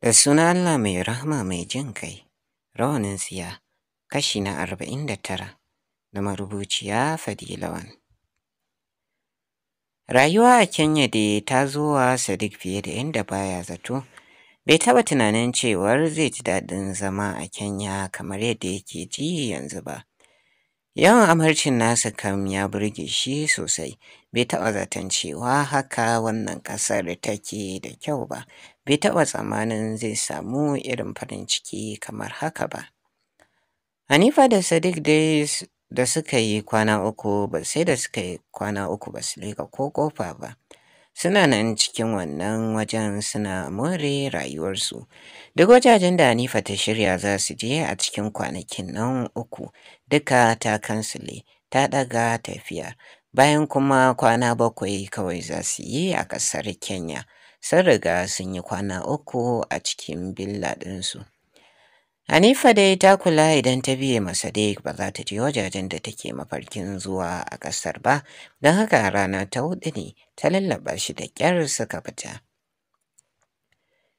Da suna Allah mai rahma, mai jin kai, rawanin siya, kashi na arba'in da tara, da marubuciya Fadilawan. Rayuwa a Kenya da ta zo wa Sadiq fiye da inda baya zato, bai taɓa tunanin cewar zai ji daɗin zama a Kenya kamar yadda yake ji yanzu ba. Yawan amarcin nasa kam ya burge shi sosai, bai taɓa zaton cewa haka wannan ƙasar take da kyau ba, bai taɓa tsammanin zai samu irin farin ciki kamar haka ba. Hanifa da Sadiq dai da suka yi kwana uku ba sai da suka yi kwana uku ba su leka ko ƙofa ba. suna nan cikin wannan wajen suna more rayuwarsu. Duk wajajen da Hanifa ta shirya za su je a cikin kwanakin nan uku duka ta kansile ta ɗaga tafiya bayan kuma kwana bakwai kawai za su yi a ƙasar Kenya sun riga sun yi kwana uku a cikin billa ɗinsu. Hanifa dai ta kula idan ta biye masa dai ba za ta je wajajen da take mafarkin zuwa a ƙasar ba, don haka rana ta huɗu ne ta lallaba shi da ƙyar suka fita.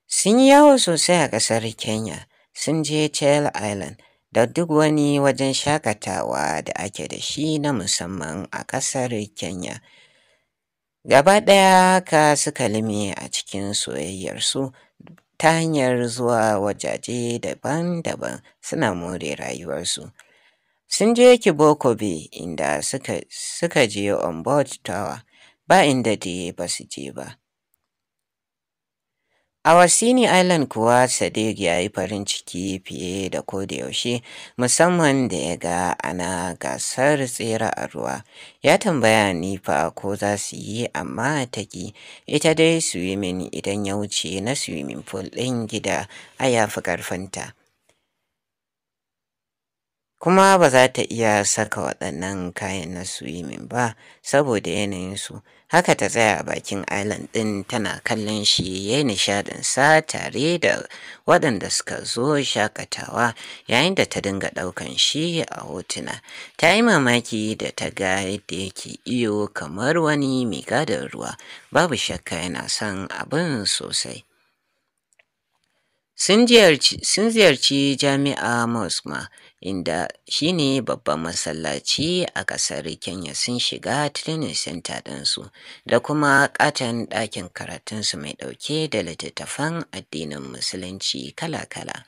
Sun yi yawo sosai a ƙasar Kenya, sun je Chell Island da duk wani wajen shakatawa da ake da shi na musamman a ƙasar Kenya. Gaba ɗaya ka suka lime a cikin soyayyarsu. su. ta hanyar zuwa wajaje daban-daban suna more rayuwarsu. Sun je kibokobe inda suka, je on board tower ba inda da ba su je ba. A Wasini Island kuwa Sadiq ya yi farin ciki fiye da yaushe, musamman da ya ga ana gasar tsere a ruwa. Ya tambaya ni fa ko za su yi amma ta ki ita dai swimming idan ya wuce na swimming pool ɗin gida a yafi ƙarfinta. Kuma ba za ta iya saka waɗannan kayan na swimming ba saboda yanayinsu. haka ta tsaya a bakin island ɗin tana kallon shi ya yi sa tare da waɗanda suka zo shakatawa yayin da ta dinga ɗaukan shi a hotuna ta yi mamaki da ta ga yadda yake iyo kamar wani mai gadon ruwa babu shakka yana son abin sosai sun ziyarci jami'a mosma inda shine ne babban masallaci a ƙasar Kenya sun shiga training center ɗinsu da kuma ƙaton ɗakin karatunsu mai ɗauke da littattafan addinin musulunci kala-kala.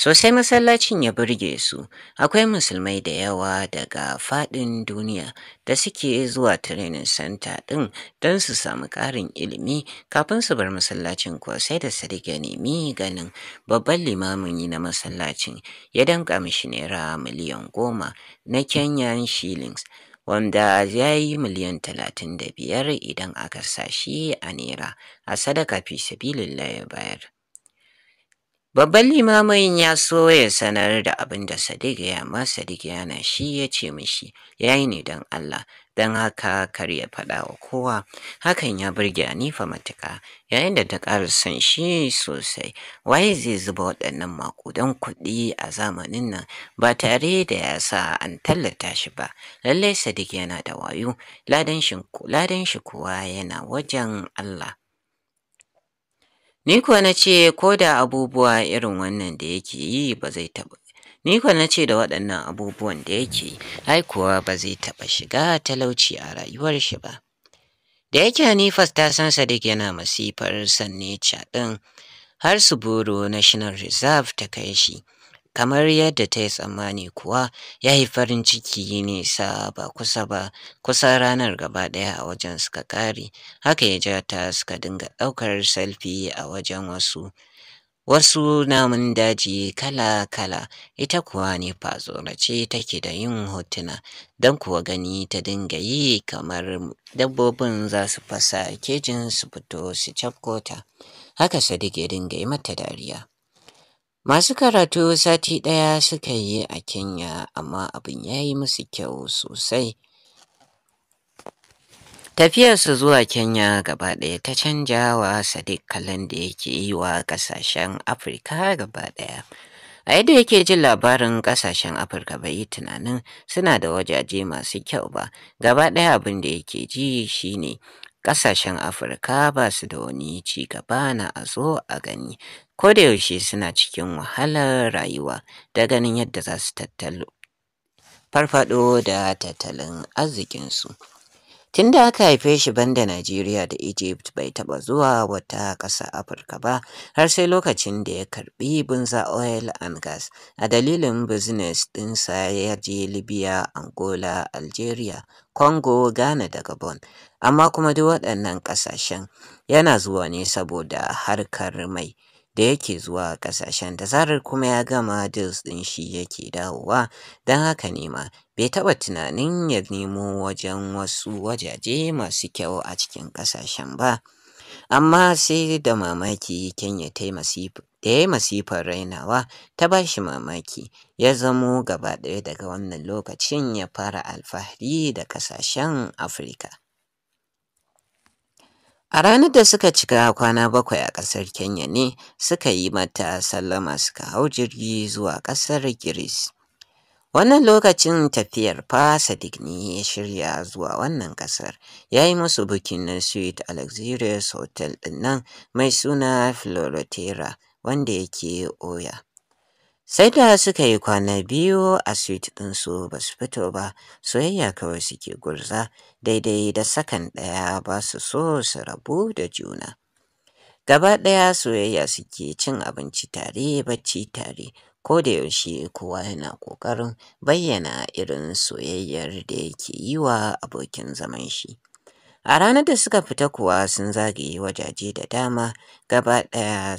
Sosai masallacin ya burge su, akwai musulmai da yawa daga faɗin duniya da suke zuwa training center ɗin don su samu ƙarin ilimi kafin su bar masallacin kuwa sai da su nemi ganin babban limamin na masallacin ya danka mishi naira miliyan goma na Kenyan shillings. wanda ya yi miliyan talatin da biyar idan aka sashi a naira a sadaka fi sabilillah ya bayar. Babban limamin ya so ya sanar da abin da Sadiq ya amma Sadiq yana shi ya ce mishi ya yi ne don Allah don haka kar ya faɗa wa kowa hakan ya burge Hanifa matuka yayin da ta ƙara son shi sosai waye zai zuba waɗannan maƙudan kuɗi a zamanin nan ba tare da ya sa an tallata shi ba lallai Sadiq yana da wayo ladan shi kuwa yana wajen Allah Ni kuwa na ce ko da abubuwa irin wannan da yake yi ba zai taɓa Ni kuwa na ce da waɗannan abubuwan da yake ai kuwa ba zai taɓa shiga talauci a rayuwar shi ba. Da yake Hanifas ta san Sadiq yana masifar sanne ɗin, har su buru National Reserve ta kai shi. Kamar yadda ta yi tsammani kuwa ya yi farin ciki ne sa ba kusa ba, kusa ranar gaba ɗaya a wajen suka ƙare, haka ya ja ta suka dinga ɗaukar salfi a wajen wasu. Wasu namun daji kala-kala, ita kuwa ne fatsorace take da yin hotuna, don kuwa gani ta dinga yi kamar dabbobin za su fasa kejin su fito su cafko Haka Sadiq ya dinga yi mata dariya. Masu karatu sati ɗaya suka yi a Kenya, amma abin ya yi musu kyau sosai. Tafiyarsu zuwa Kenya gaba ɗaya ta canja wa Sadiq kallon da yake yi wa ƙasashen Afirka gaba ɗaya. A yadda yake jin labarin ƙasashen Afirka bai yi tunanin suna da wajaje masu kyau ba, gaba ɗaya abin da yake ji shi ne. ƙasashen Afirka ba su da wani ci gaba na a zo a gani yaushe suna cikin wahalar rayuwa da ganin yadda za su tattalo farfado da tattalin arzikinsu tun da aka haife shi banda Najeriya da Egypt bai taba zuwa wata ƙasa Afirka ba har sai lokacin da ya karbi bunza oil and gas a dalilin business ɗinsa ya je Libya, Angola, Algeria, Congo, Ghana da Gabon amma kuma duk waɗannan ƙasashen yana zuwa ne saboda harkar mai da yake zuwa ƙasashen da zarar kuma ya gama deals ɗin shi yake dawowa don haka ne ma bai taɓa tunanin ya nemo wajen wasu wajaje masu kyau a cikin ƙasashen ba amma sai da mamaki Kenya ta yi da ya yi masifar rainawa ta ba shi mamaki ya zamo gaba ɗaya daga wannan lokacin ya fara alfahari da ƙasashen Afirka. A ranar da suka cika kwana bakwai a ƙasar Kenya ne suka yi mata sallama suka hau jirgi zuwa ƙasar Greece. Wannan lokacin tafiyar fa Sadiq ne ya shirya zuwa wannan ƙasar, ya yi musu bukin na Sweet Alexandria's Hotel ɗin nan mai suna Florotera wanda yake Oya. Sai da suka yi kwana biyu a suit ɗinsu ba su fito ba, soyayya kawai suke gurza daidai da sakan ɗaya ba su so su rabu da juna. Gaba ɗaya soyayya suke cin abinci tare bacci tare, ko da yaushe kowa yana ƙoƙarin bayyana irin soyayyar da yake yi wa abokin zaman shi. A ranar da suka fita kuwa sun zagaye wajaje da dama gaba ɗaya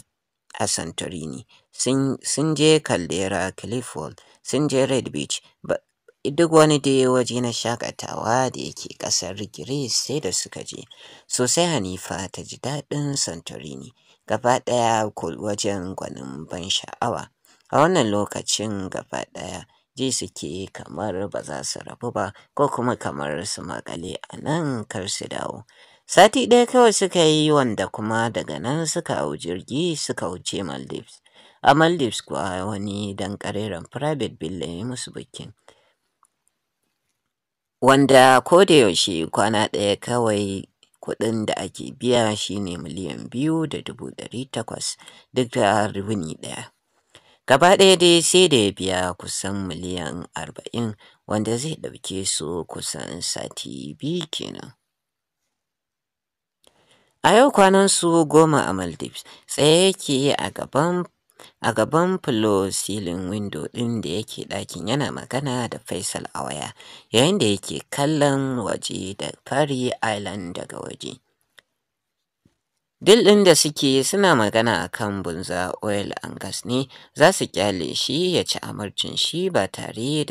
a Santorini sun je Caldera, Clifford, sun je Red Beach, duk wani dai waje na shakatawa da yake ƙasar Greece sai da suka je. Sosai Hanifa ta ji daɗin Santorini, gaba ɗaya wajen gwanin ban sha'awa. A wannan lokacin gaba ɗaya ji suke kamar ba za su rabu ba ko kuma kamar su makale a nan kar su dawo. Sati ɗaya kawai suka yi wanda kuma daga nan suka hau jirgi suka wuce Maldives. A Maldives kuwa wani dan kareren private bill ya musu bikin. Wanda ko da yaushe kwana ɗaya kawai kuɗin da ake biya shine miliyan biyu da dubu ɗari takwas duk da rubuni ɗaya. Gaba ɗaya dai sai da ya biya kusan miliyan arba'in wanda zai ɗauke su kusan sati biyu kenan. A yau su goma a Maldives, tsaye yake a gaban a gaban fulo silin windo ɗin da yake ɗakin yana magana da Faisal a waya yayin da yake kallon waje da Fari Island daga waje. Dil ɗin da suke suna magana a kan bunza oil and gas ne za su kyale shi ya ci amarcin shi ba tare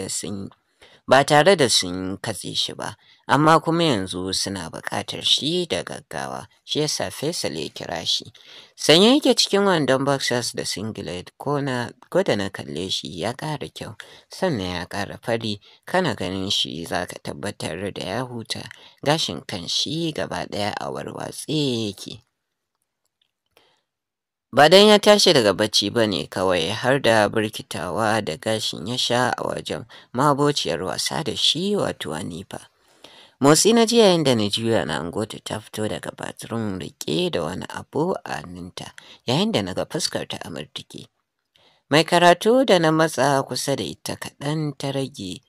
da sun katse shi ba amma kuma yanzu suna buƙatar shi da gaggawa shi yasa Faisal ya kira shi sanye yake cikin wandon boxers da singlet ko na gwada na kalle shi ya ƙara kyau sannan ya ƙara fari kana ganin shi zaka tabbatar da ya huta gashin kan shi gaba ɗaya a warwatse yake Ba dan ya tashi daga bacci ba ne kawai har da birkitawa da gashin ya sha a wajen mabociyar wasa da shi wato Anifa. motsi na jiya yayin da na juya na angota ta fito daga bathroom rike da wani abu a ninta yayin da naga fuskar ta amurtike mai karatu da na matsa kusa da ita kaɗan ta rage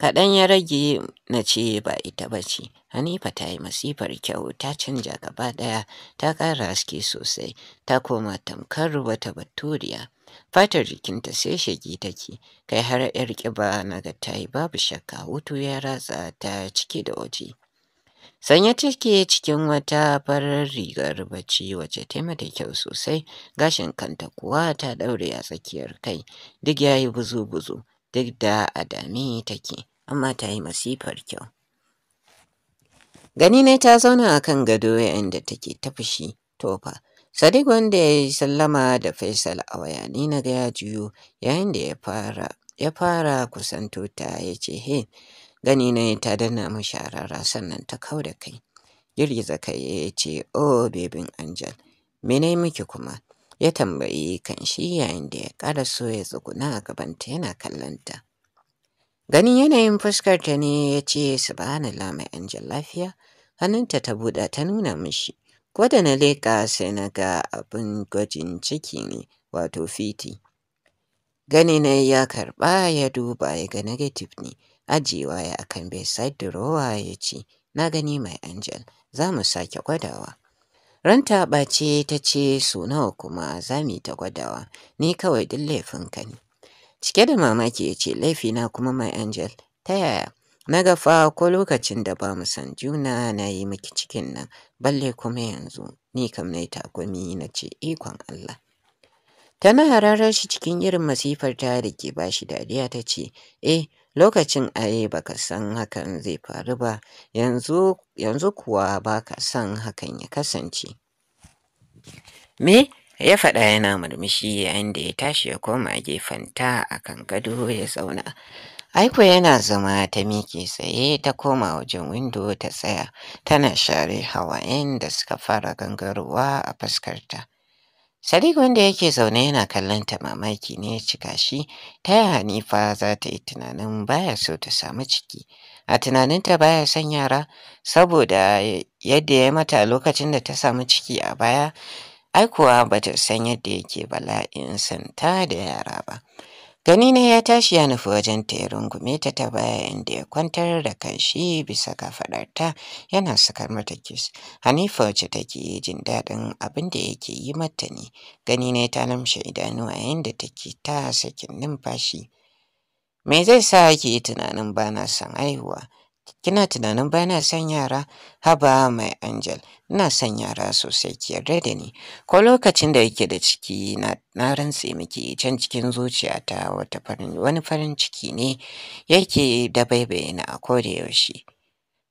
kaɗan ya rage na ce ba ita ba ce hanifa ta yi masifar kyau ta canja gaba ɗaya ta ƙara haske sosai ta koma tamkar wata baturiya fatar jikinta sai shege take kai har yar kiba na ga ta yi babu shakka hutu ya ratsa ta ciki da waje sanya take cikin wata farar rigar bacci wacce ta mata kyau sosai gashin kanta kuwa ta daure a tsakiyar kai duk yayi buzu-buzu duk da a dami take amma ta yi masifar kyau gani ne ta zauna a kan gado yayin da take ta fushi tofa Sadiq wanda ya yi sallama da Faisal a waya ni na gaya ya juyo yayin da ya fara ya fara kusanto ta ya ce he gani ne ta danna mu sharara sannan ta kau da kai girgiza kai ya ce oh bebin angel mene miki kuma ya tambayi kan shi yayin da ya ƙara so ya tsuguna a gabanta yana kallonta ganin yanayin fuskarta ne ya ce subhanallah mai anjal lafiya hannunta ta buɗa ta nuna mishi ko da na leƙa sai na ga abin gwajin ciki ne wato fiti gani na ya karɓa ya duba ya ga negative ne ajiyewa ya akan bedside drawer ya ce na gani mai angel za mu sake gwadawa ranta ɓace ta ce su nawa kuma za mu ta gwadawa ni kawai duk laifinka ne cike da mamaki ya ce laifina kuma mai angel ta yaya Na gafa ko lokacin da ba mu san juna na yi miki cikin nan, balle kuma yanzu, ni kam na yi takumi na ce ikon Allah. Tana hararar shi cikin irin masifar ta da ke ba shi dariya ta ce, eh, lokacin aye ka san hakan zai faru ba, yanzu, kuwa kuwa baka san hakan ya kasance. Me? ya faɗa yana murmushi yayin da ya tashi ya koma gefen ta a kan gado ya zauna Aiko yana zama ta miƙe tsaye ta koma wajen windo ta tsaya tana share hawayen da suka fara gangarowa a fuskarta. Sadiq wanda yake zaune yana kallon ta mamaki ne cika shi ta yi Hanifa za ta yi tunanin baya so ta samu ciki. A tunanin tunaninta baya son yara saboda yadda ya mata lokacin da ta samu ciki a baya aikowa bata ba ta san yadda yake bala'in santa da yara ba. Gani ne ya tashi ya nufi wajen ta ya rungume ta ta baya inda ya kwantar da kanshi bisa kafaɗarta yana sakar mata kis. Hanifa wacce take jin daɗin abin da yake yi mata ne, gani ne ta namshe idanu a yanda take ta sakin numfashi. Me zai sa ake yi tunanin ba na son haihuwa? Kina tunanin ba na son yara? Haba mai Angel, ina son yara sosai ki yarda da ni. Ko lokacin da yake da ciki na, na rantse miki can cikin zuciyata wata farin wani farin ciki ne yake dabaibaye na a koda yaushe.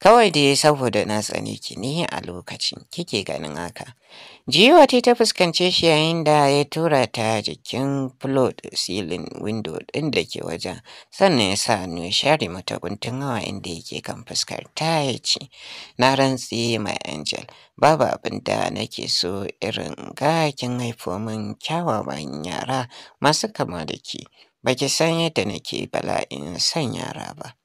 kawai dai saboda na tsani ki ne a lokacin kike ganin haka jiwa ta ta fuskance shi yayin da ya tura ta jikin float ceiling window ɗin da ke wajen sannan ya sa hannu share mata guntun hawa inda yake kan fuskar ta ya ce na rantsi mai angel babu abin da nake so irin gakin haifo min kyawawan yara masu kama da ki baki san yadda nake bala'in son yara ba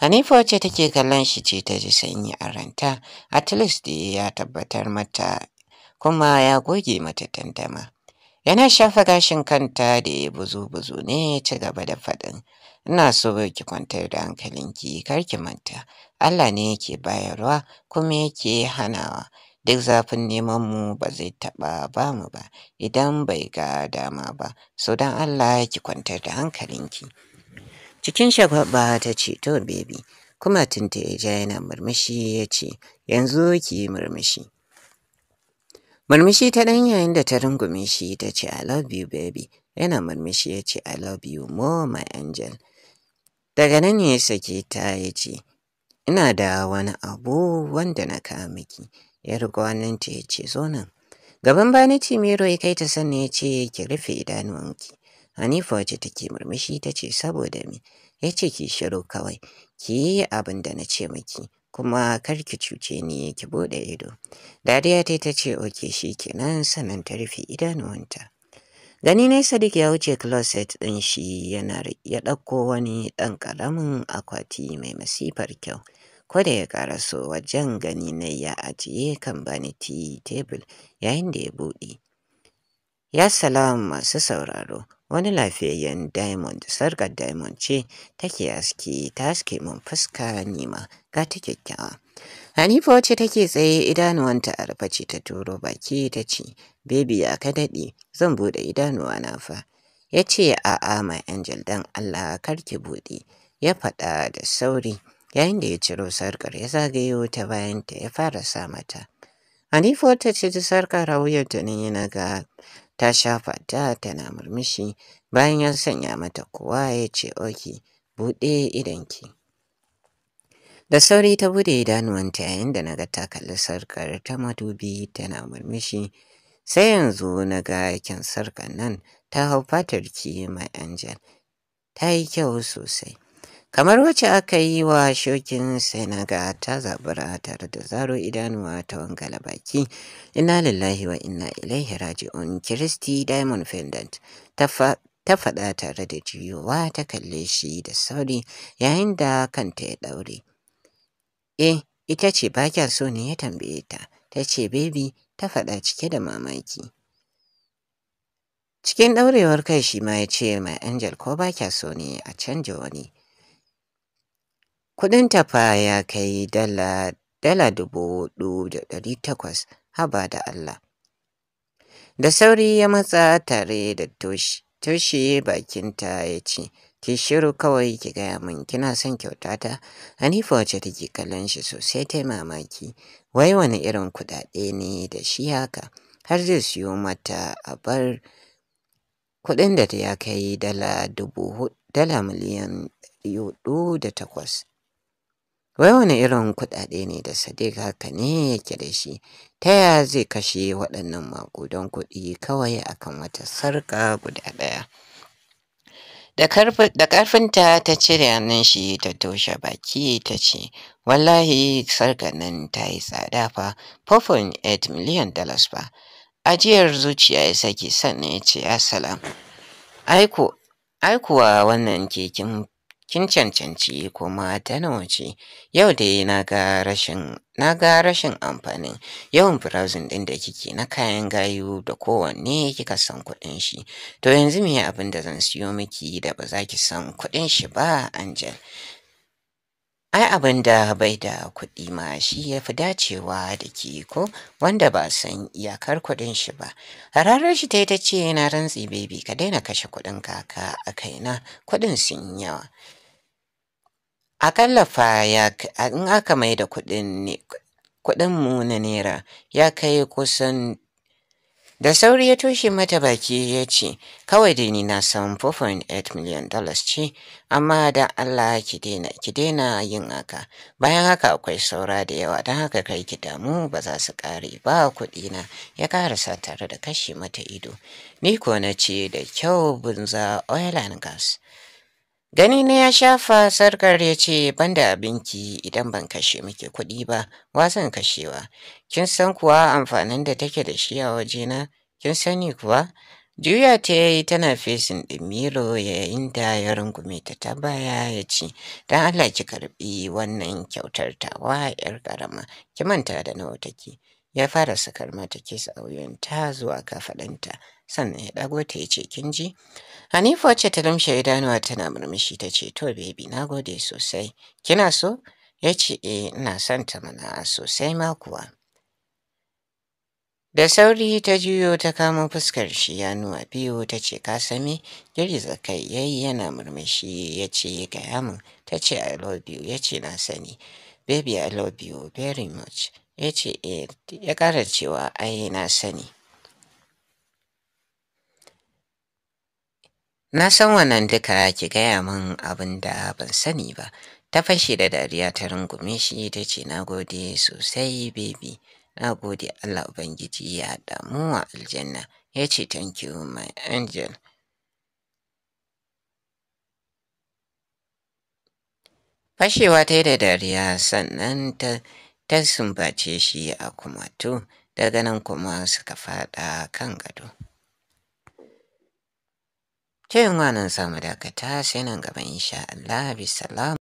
Hanifa wacce take kallon shi ce ta ji sanyi a ranta, at least ya tabbatar mata kuma ya goge mata tantama. Yana shafa gashin kanta da ya buzu-buzu ne ci gaba da faɗin. Ina so ki kwantar da hankalinki kar ki manta. Allah ne yake bayarwa kuma yake hanawa. Duk zafin neman mu ba zai taɓa ba mu ba idan bai ga dama ba. So don Allah ki kwantar da hankalinki. Cikin shagwaba ta ce, To, baby, kuma tunta ya ja yana murmushi ya ce, Yanzu ki murmushi. Murmushi ta ɗan yayin da ta rungume shi ta ce, I love you, baby. Yana murmushi ya ce, I love you more, my angel. Daga nan ya sake ta ya ce, Ina da wani abu wanda na kawo miki. Ya wannan ta ya ce, Zo nan. Gaban bani Timiro ya kai ta sannan ya ce, Ki rufe idanuwanki. Hanifa wace take murmushi ta ce saboda me ya ce ki shiru kawai ki yi abin da na ce miki kuma kar ki cuce ni ki bude ido. Dariya ta ta ce oke shi kenan sanan ta rufe idanuwanta. Gani ne Sadiq ya wuce closet ɗin shi yana ya ɗauko wani ɗan ƙaramin akwati mai masifar kyau. Kwada ya kara so wajen gani na ya ajiye kan bani tea table yayin da ya buɗe. Ya salam masu sauraro. wani lafiyayyen diamond sarkar diamond ce take haske ta haske mun fuska nima ga ta kyakkyawa hanifa wacce take tsaye idanuwanta a rufe ta turo baki ta ce bebi ya ka daɗe zan buɗe idanuwa na fa ya ce a'a my angel dan allah karki buɗe ya faɗa da sauri yayin da ya ciro sarkar ya zagayo ta bayan ta ya fara sa mata Hanifa ta ce ta sarka rawuyarta ne yana ga ta shafa ta tana murmushi bayan ya sanya mata kowa ya ce oki buɗe idanki. Da sauri ta bude idanuwanta yayin da na ga ta kalli sarkar ta madubi tana murmushi sai yanzu na ga kyan sarkar nan ta hau fatar ki mai angel ta yi kyau sosai kamar wacce aka yi wa shokin sai na ga ta zabura tare da zaro idanuwa ta wangala baki ina lillahi wa inna ilaihi raji'un kiristi diamond pendant ta faɗa tare da jiyowa ta kalle shi da sauri yayin da kanta ya ɗaure eh ita ce ba kya so ne ya tambaye ta ta ce baby ta faɗa cike da mamaki cikin ɗaurewar kai shi ma ya ce mai angel ko ba kya so ne a canja wani Kuɗin tafa ya kai dala dala dubu hudu da ɗari takwas haba da Allah. Da sauri ya matsa tare da toshi, bakinta ya ce, ki shiru kawai ki gaya min kina son kyautata hanifa wacce take kallon shi sosai ta mamaki wai wani irin kuɗaɗe ne da shi haka har zai siyo mata a bar kuɗin da ya kai dala dubu dala miliyan yudu da takwas Wai wani irin kuɗaɗe ne da Sadiq haka ne yake da shi, ta yaya zai kashe waɗannan maƙudan kuɗi kawai akan wata sarƙa guda ɗaya. Da ƙarfinta ta cire hannun shi ta toshe baki ta ce, Wallahi sarka nan ta yi tsada fa, 4.8 miliyan dalas ba. Ajiyar zuciya ya saki sannan ya ce, Assalam. Aikuwa wannan keken kin cancanci kuma ta nawace yau dai na ga rashin amfanin yawan browsing din da kike na kayan gayu da kowanne kika san kuɗin shi to yanzu me abin da zan siyo miki da ba za ki san kuɗin shi ba Angel ai abin da bai da kuɗi ma shi ya fi dacewa da ke ko wanda ba san iyakar kuɗin shi ba ranar shi ta yi ta ce na rantsi bebi ka daina kashe kuɗin kaka a kaina kuɗin sun yawa kallafa ya in aka mai da mu na Naira ya kai kusan da sauri ya toshe mata baki ya ce, Kawai dai ni na san 4.8 miliyan dollars ce, amma da Allah ki daina, yin haka. Bayan haka akwai saura da yawa, don haka kai ki damu ba za su kare. ba kuɗi na ya sa tare da kashe mata ido. Ni ko na ce da kyau bunza oil and gas. Gani ne ya shafa sarkar ya ce banda abinki idan ban kashe muke kuɗi ba wasan kashewa. Kin san kuwa amfanin da take da shi a wajena? Kin sani kuwa? Juya ta yi tana fesin ɗin yayin da ya rungume ta ta baya ya ce, Don Allah ki karɓi wannan kyautar ta, wa ‘yar ƙarama, ki manta da nawa take. Ya fara sakar mata kisa a wuyanta zuwa kafaɗanta. sannan ya ɗago ta yi ce kin ji hanifa wacce ta lumshe idanuwa tana murmushi ta ce to baby na gode sosai kina so ya ce eh ina son ta mana sosai ma kuwa da sauri ta juyo ta kama fuskar shi ya nuwa biyu ta ce ka sami girgiza kai yayi yana murmushi ya ce gaya ta ce i love you ya ce na sani baby i love you very much ya ce eh, ya ƙara cewa ai na sani Na san wannan duka ki gaya min abin da ban sani ba. Ta fashe da dariya ta rungume shi ta ce na gode sosai baby. Na gode Allah Ubangiji ya damu wa aljanna. Ya ce thank you my angel. Fashewa ta yi da dariya sannan ta ta sumbace shi a kumatu daga nan kuma suka faɗa kan gado. ta nan samu dakata sai nan gaban insha Allah bisalam